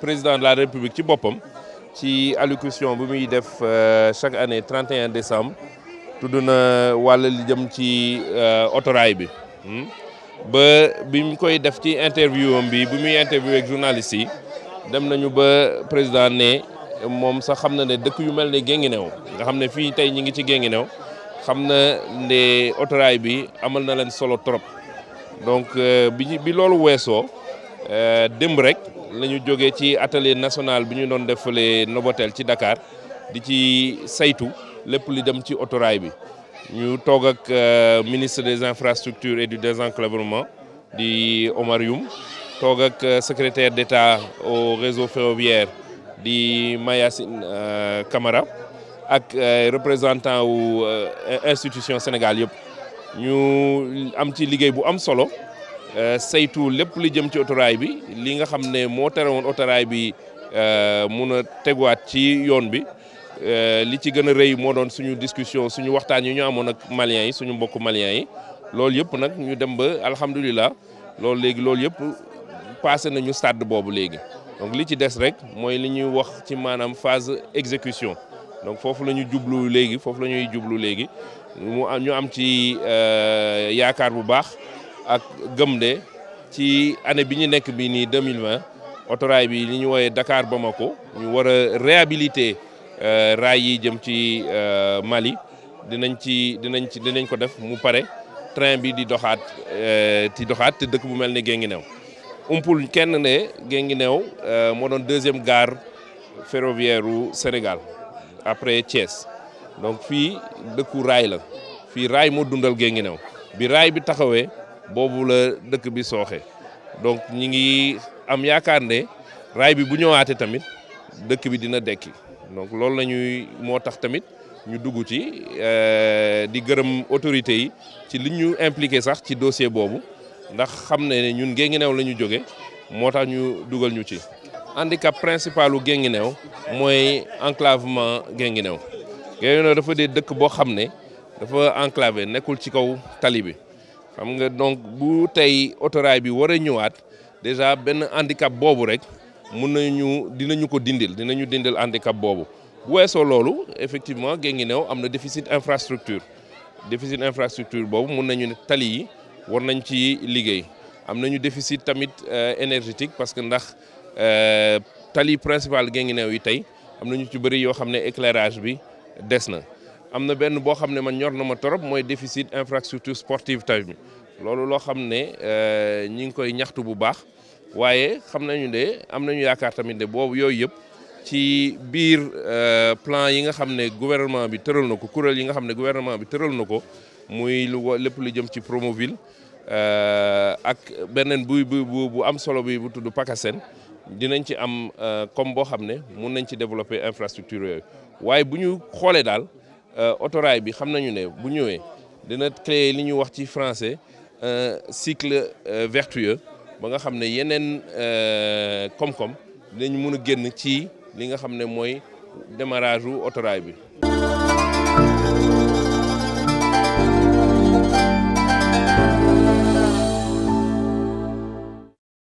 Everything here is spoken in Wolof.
président de la république ci bopam ci allocution bu euh, chaque année 31 décembre tuduna wal li jëm ci autorail euh, bi hmm? ba koy def ci interview am bi bu muy interview journaliste président ne mom sa xamna né yu nga xamné fi tay ñi ngi ci amal na solo trop donc euh, bi bi euh, Dembrek, rek lañu joggé ci atelier national biñu don def Novotel ci Dakar di ci saytu lepp li dem ci autorail bi ñu toog ak euh, ministre des infrastructures et du désenclavement di Omar Youm avec ak euh, secrétaire d'État au réseau ferroviaire di euh, Camara ak représentant wu institution Sénégal yëpp ñu am ci liguey bu am solo euh, saytu lepp li jëm ci autoray bi li nga xamné mo téré won autoray bi euh mëna teguwaat ci yoon bi euh li ci gëna a mo moo doon suñu discussion suñu waxtaan yi ñu amon ak maliens yi suñu mbokku maliens yi lool yëpp nak ñu dem ba alhamdulilah lool légui lool yëpp passé nañu stade bobu légui donc li ci dess rek moy li ñuy wax ci manam phase exécution donc fofu lañu djublu légui fofu lañuy djublu légui mu am ñu am ci euh yaakar bu baax ak Gëmde ci année bi ñu nekk bi nii 2020 autorail bi li ñu wooyee dakaar Bamako ñu war a réhabiliter euh, raay yi jëm ci euh, Mali dinañ ci dinañ ci dinañ ko def mu pare train bi di doxaat euh, di doxaat dëkk bu mel ni Guinguinéo umpul kenn ne Guinguinéo moo doon deuxième gare ferroviaire u Sénégal après Thiès donc fii dëkku raay la fii raay moo dundal Guinguinéo bi raay bi taxawee Bobule dëkk bi soxé donc ñi ngi am yaakaar né ray bi bu ñëwaaté tamit dëkk bi dina donc loolu lañuy tamit ñu ci euh, yi ci dossier ndax ñun ñu dugal ñu ci handicap principal gëngi néw Nous enclavement Guinguinéo Guinguinéo dafa dé dëkk ont xamné dafa enclavé Nous ci xam nga donc bu tay autorail bi wara ñëwaat déjà ben handicap bobu rek mën nañu dinañu ko dindil dinañu dindil handicap bobu wesso lolu effectivement gëngi am amna déficit infrastructure déficit infrastructure bobu mën nañu tali yi war nañ ci liggéey am nañu déficit tamit euh, énergétique parce que ndax euh, tali principal gëngi Guinguinéo yi tay am nañu ci bëri yo xamné éclairage bi dess na am na benn boo xam ne man ñor na ma torop mooy déficit infrastructure sportive taw bi loolu loo xam ne euh, ñi ngi koy ñaxtu bu baax waaye xam nañu ne am nañu yaakaar tamit ne boobu yooyu yëpp ci biir euh, plan yi nga xam ne gouvernement bi tëral na ko kuréel yi nga xam ne gouvernement bi tëral na ko muy lu lépp lu jëm ci Promoville euh, ak beneen bu bu am solo bi bu tudd PACASEN dinañ ci am comme boo xam ne mun nañ ci développer infrastructure yooyu waaye bu ñu xoolee daal. Euh, autorail bi xam nañu ne bu ñëwé dina créer li ñu wax ci français un euh, cycle euh, vertueux ba nga xamné yenen euh comme comme dinañ mëna génn ci li nga xamné moy démarrage autorail bi